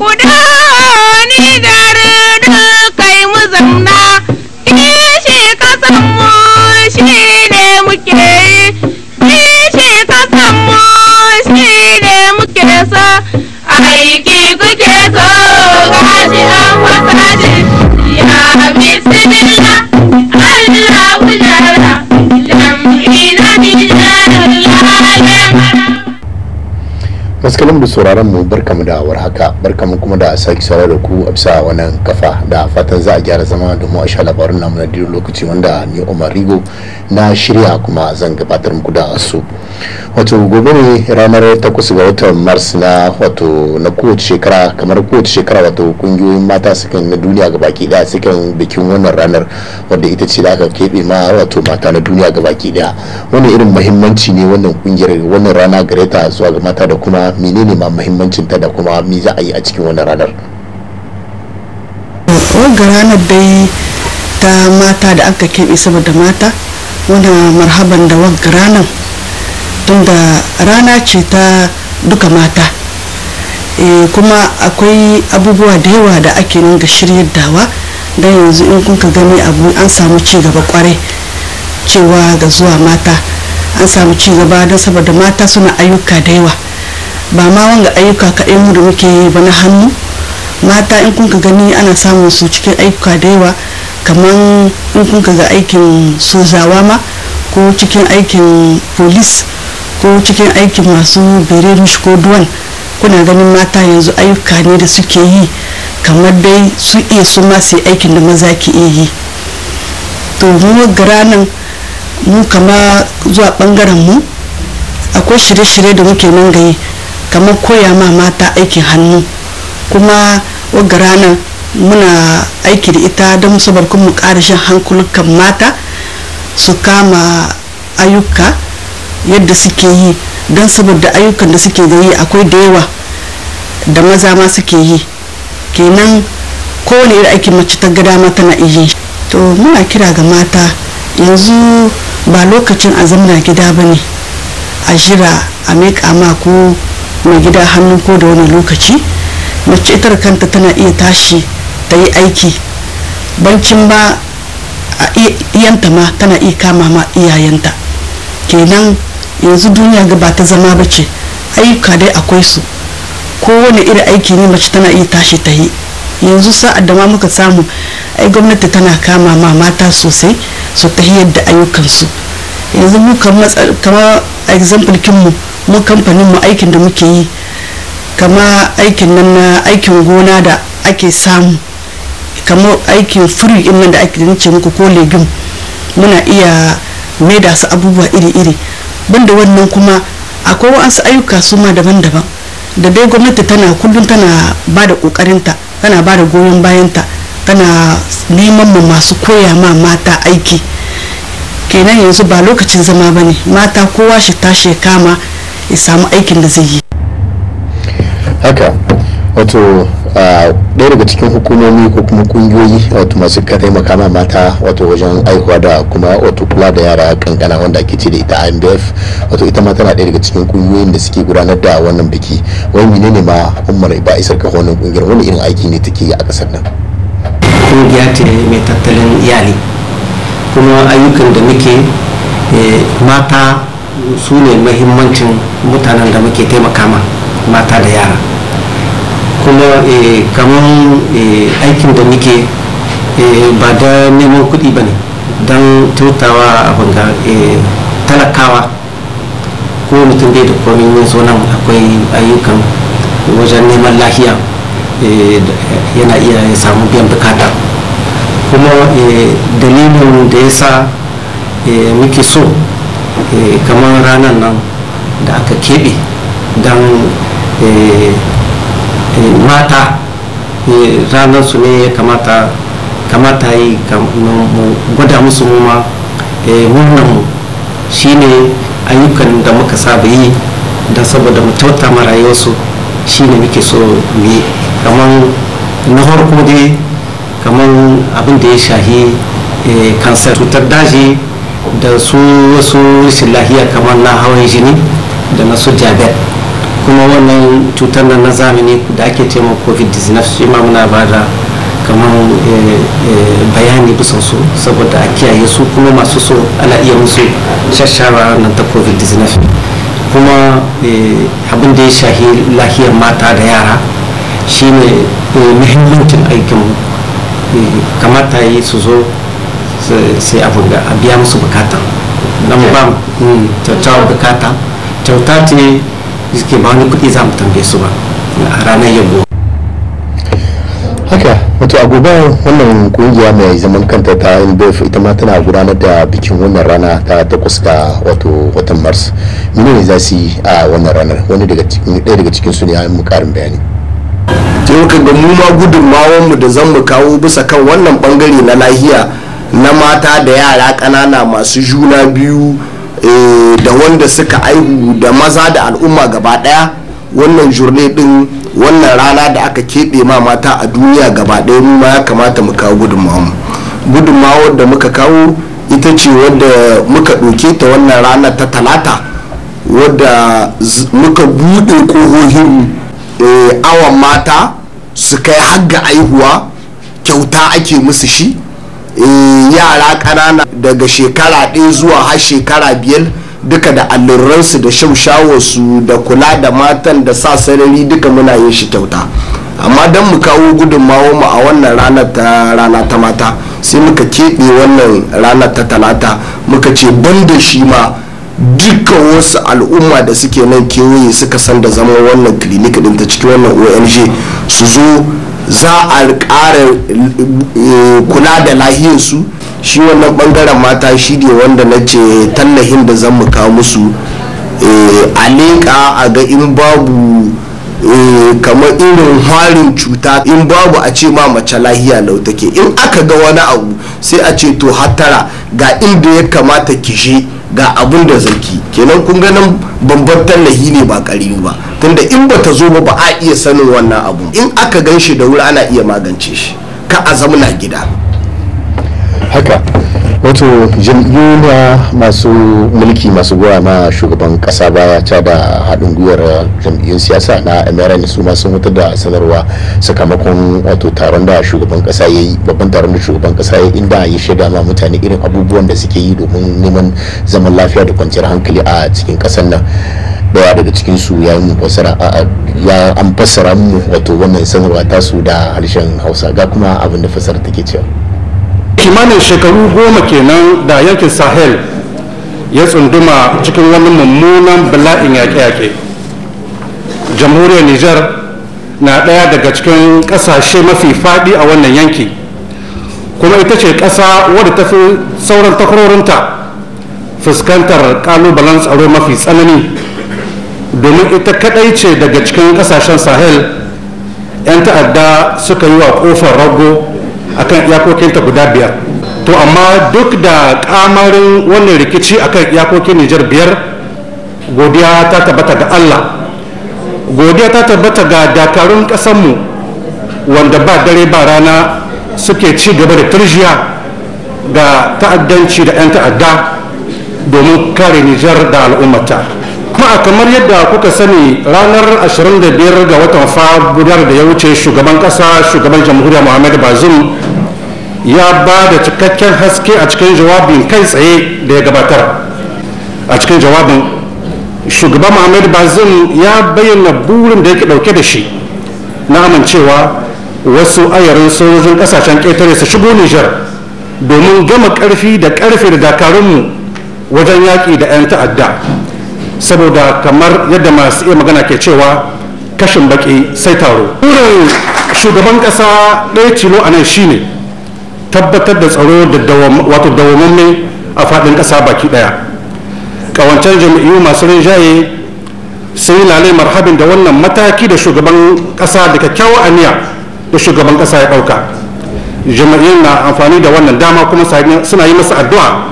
Kuda masu da sauraron mu barka kamu da haka barka mu kuma da sake saurare da ku a bisa wannan kafa da fatan za a gyara zama domin a sha labarin namu na lokaci wanda ni Umar Rigo na shirya kuma zan gabatar muku da su. wato gobe ne ranar takwas ga watan mars na wato na kowace shekara kamar kowace shekara wato kungiyoyin mata sukan na duniya ga baki daya sukan bikin wannan ranar wadda ita ce da aka keɓe ma wato mata na duniya ga baki daya wani irin mahimmanci ne wannan kungiyar wannan rana gare ta zuwa ga mata da kuma menene ma mahimmancin ta da kuma me za a yi a cikin wannan ranar wannan ranar dai ta mata da aka keɓe saboda mata muna marhaban da ranar tunda rana ce ta duka mata e, kuma akwai abubuwa da yawa da ake nan ga shiryar dawa don yanzu in kun ka gani abu an samu ci gaba kwarai cewa ga zuwa mata an samu ci gaba don saboda mata suna ayyuka da yawa ba ma wanga ayyuka ka mu da muke ba na hannu mata in kun ka gani ana samun su cikin ayyuka da yawa kamar in kun ka ga aikin sojawa ma ko cikin aikin police ko cikin aikin masu berenish ko duwan kuna ganin mata yanzu ayyuka ne da suke yi kamar dai su iya su masu aikin da maza ke iya yi to mu nan mu kama zuwa bangaren mu akwai shirye-shirye da muke nan gaye kamar koya ma mata aikin hannu kuma wagara nan muna aiki da ita don musabar kuma mu ƙara shan hankulukan mata su kama ayyuka yadda suke yi don saboda ayyukan da suke yi akwai da yawa da maza ma suke yi kenan kowane irin aikin mace ta gada ma tana iya to muna kira ga mata yanzu ba lokacin a zamna gida ba ne a jira a miƙa ma ko mai gida hannu ko da wani lokaci mace ita kanta tana iya tashi ta yi aiki bancin ba a iyanta ma tana iya kama ma iyayenta kenan yanzu duniya ga ba ta zama ba ce ayyuka dai akwai su kowane irin aiki ne mace tana iya tashi ta yi yanzu sa'ad da ma muka samu ai gwamnati tana kama ma mata sosai su ta da ayyukansu yanzu mu kama example kinmu mu kamfanin mu aikin da muke yi kama aikin nan na aikin gona da ake samu kamar aikin furi nan da ake nace muku ko legume muna iya maida su abubuwa iri-iri banda wannan kuma akwai wasu ayyuka su ma daban-daban da dai gwamnati tana kullum tana ba da ta tana ba da goyon bayanta tana neman mu masu koya ma mata aiki kenan yanzu ba lokacin zama ba ne mata kowa shi tashi kama ya samu aikin da zai yi haka wato ɗaya daga cikin hukumomi ko kuma kungiyoyi wato masu ka taimaka ma mata wato wajen aihuwa da kuma wato kula da yara kankana wanda ake ce da ita IMDF wato ita ma tana ɗaya daga cikin kungiyoyin da suke gudanar da wannan biki wani menene ma umar ba isar ka wannan kungiyar wani irin aiki ne take a ƙasar nan kungiya ce mai tattalin iyali kuma ayyukan da muke eh, mata su ne mahimmancin mutanen da muke taimaka ma mata da yara kuma eh, kamar eh, aikin da muke eh, ba da neman kudi ba ne don tutawa a banga talakawa ko mutum bai da komi mun so akwai ayyukan wajen neman lahiya yana iya samu biyan bukata kuma dalilin da ya sa muke so kamar ranar nan da aka keɓe don mata ranar su ne ya kamata kamata yi gwada musu noma murnan eh, shine ayyukan da muka saba yi da saboda mu tauta ma shi shine muke so mu yi kamar na farko dai kamar abin da ya shahi kansar eh, cutar daji da su wasu rashin lahiya kamar na hawan jini da na su diabetes kuma wannan cutar nan na zamani da ake cewa covid-19 shi ma muna ba da kamar eh, eh, bayani bisa su saboda a kiyaye su kuma masu so ana iya musu shashara nan ta covid-19 kuma eh, abin da ya shahi lahiyar mata da yara shine muhimmancin aikin kamata yi su zo sai abu da a biya musu bukata nan ba kyautar bukata kyauta ce suke ba ni kuɗi za mu tambaye su ba a ranar yabo haka wato a gobe wannan kungiya mai zaman kanta ta nbf ita ma tana gudanar da bikin wannan rana ta takwas ga wato watan mars menene za su yi a wannan ranar wani daga cikin ɗaya daga cikin su ne ya mu karin bayani yau ka ga mu ma gudunmawar mu da zan mu kawo bisa kan wannan bangare na lahiya na mata da yara ƙanana masu juna biyu Eh, da wanda suka aihu da maza da al'umma gaba daya wannan jurne din wannan rana da aka keɓe ma mata a duniya gaba daya mu ma ya kamata mu kawo gudunmawa gudunmawa da muka kawo ita ce wadda muka ɗauke ta wannan rana ta talata wadda muka buɗe ƙohohin eh, awan mata su kai har ga aihuwa kyauta ake musu shi Eh, yara ƙanana daga shekara ɗaya zuwa har shekara biyar duka da alluransu da shaushawarsu da kula da matan da sa sarari duka muna yin shi kyauta amma don mu kawo gudunmawa mu a wannan ranar ta rana ta mata sai muka keɓe wannan ranar ta talata muka ce ban da shi ma dukkan wasu al'umma da suke nan kewaye suka san da zama wannan clinic din ta cikin wannan ong su zo za a ƙara eh, kula da lahiyarsu shi wannan bangaren mata shi ne wanda na ce tallahin da zan muka musu eh, a leƙa a ga in babu eh, kamar irin harin cuta in babu a ce ma mace lahiya lau take in aka ga wani abu sai a ce to hattara ga inda ya kamata ki je ga abun da zaki kenan kun ganin bambar tallahi ne ba karimi ba tunda in ba ta zo ba ba a iya sanin wannan abu in aka gan shi da wuri ana iya magance shi ka a gida haka wato jam'iyyu na masu mulki masu goya ma shugaban kasa baya ta da haɗin gwiwar jam'iyyun siyasa na mrn su masu sun da sanarwa sakamakon wato taron da shugaban kasa ya yi babban taron da shugaban kasa ya inda ya shaida ma mutane irin abubuwan da suke yi domin neman zaman lafiya da kwanciyar hankali a cikin kasar nan daya daga cikin su ya yi fassara ya an fassara mu wato wannan sanarwa tasu da harshen hausa ga kuma abin da fasara take cewa kimanin shekaru goma kenan da yankin sahel ya tsunduma cikin wani mummunan bala'in yaƙe-yaƙe jamhuriyar niger na ɗaya daga cikin ƙasashe mafi faɗi a wannan yanki kuma ita ce ƙasa wadda ta fi sauran takwarorinta fuskantar ƙalubalen tsaro mafi tsanani domin ita kaɗai ce daga cikin ƙasashen sahel 'yan ta'adda suka yi wa ƙofar rago akan iyakokinta guda biyar to amma duk da kamarin wannan rikici akan iyakokin nijar biyar godiya ta tabbata ga allah godiya ta tabbata ga dakarun kasanmu wanda ba dare ba rana suke ci gaba da turjiya ga ta'addanci da 'yan ta'adda domin kare nijar da al'ummata kuma a kamar yadda kuka sani ranar 25 ga watan fabular da ya wuce shugaban kasa shugaban jamhuriya muhammad bazum ya ba da cikakken haske a cikin jawabin kai tsaye da ya gabatar a cikin jawabin shugaban muhammad bazum ya bayyana burin da yake dauke da shi na amincewa wasu ayarin sojojin kasashen ƙetare su shigo nijar domin gama ƙarfi da ƙarfe da dakarunmu wajen yaƙi da 'yan ta'adda saboda kamar yadda masu iya magana ke cewa kashin baki sai taro burin shugaban ƙasa ɗaya tilo a nan shine tabbatar da tsaro da wato dawamamme a faɗin ƙasa baki ɗaya ƙawancen jami'u masu rinjaye sai lalai marhabin da wannan mataki da shugaban ƙasa da a aniya da shugaban ƙasa ya ɗauka jami'in na amfani da wannan dama kuma suna yi masa addu'a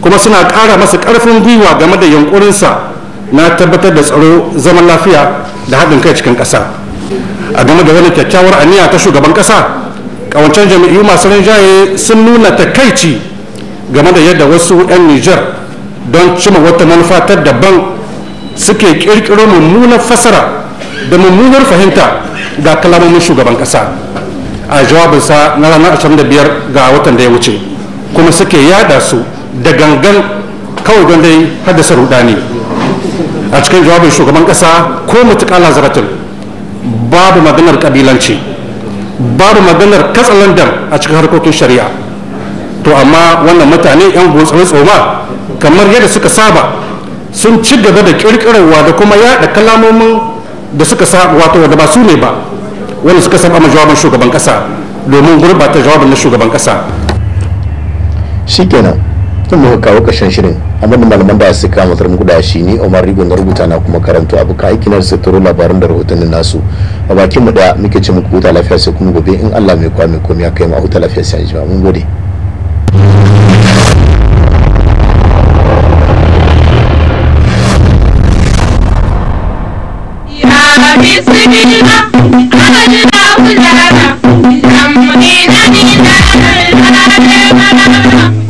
kuma suna ƙara masa ƙarfin gwiwa game da yunƙurinsa na tabbatar da tsaro zaman lafiya da haɗin kai cikin ƙasa a game da wani kyakkyawar aniya ta shugaban ƙasa ƙawancen jami'u masu rinjaye sun nuna takaici game da yadda wasu 'yan nijar don cima wata manufa ta daban suke ƙirƙiro mummunar fasara da mummunar fahimta ga kalamomin shugaban ƙasa a jawabinsa na ranar 25 ga watan da ya wuce kuma suke yada su da gangan kawai don dai haddasa rudani a cikin jawabin shugaban kasa ko mutuƙala zaratin babu maganar kabilanci babu maganar katsalandar a cikin harkokin shari'a to amma wannan mutane yan gutsuri tsoma kamar yadda suka saba sun ci gaba da kirkirarwa da kuma yaɗa kalamomin da suka saba wato da ba su ne ba wanda suka saba ma jawabin shugaban kasa domin gurbata jawabin na shugaban kasa shikenan tun muka kawo ƙarshen shirin amadu malaman da suka matar muku da shi ni Omar Rigo na rubuta na kuma karanto abu ka aiki na tattaro labaran da rahotannin nasu a bakin mu da muke ce muku huta lafiya sai kuma gobe in Allah mai kwami komi ya kai ma huta lafiya sai jima mun gode Thank you.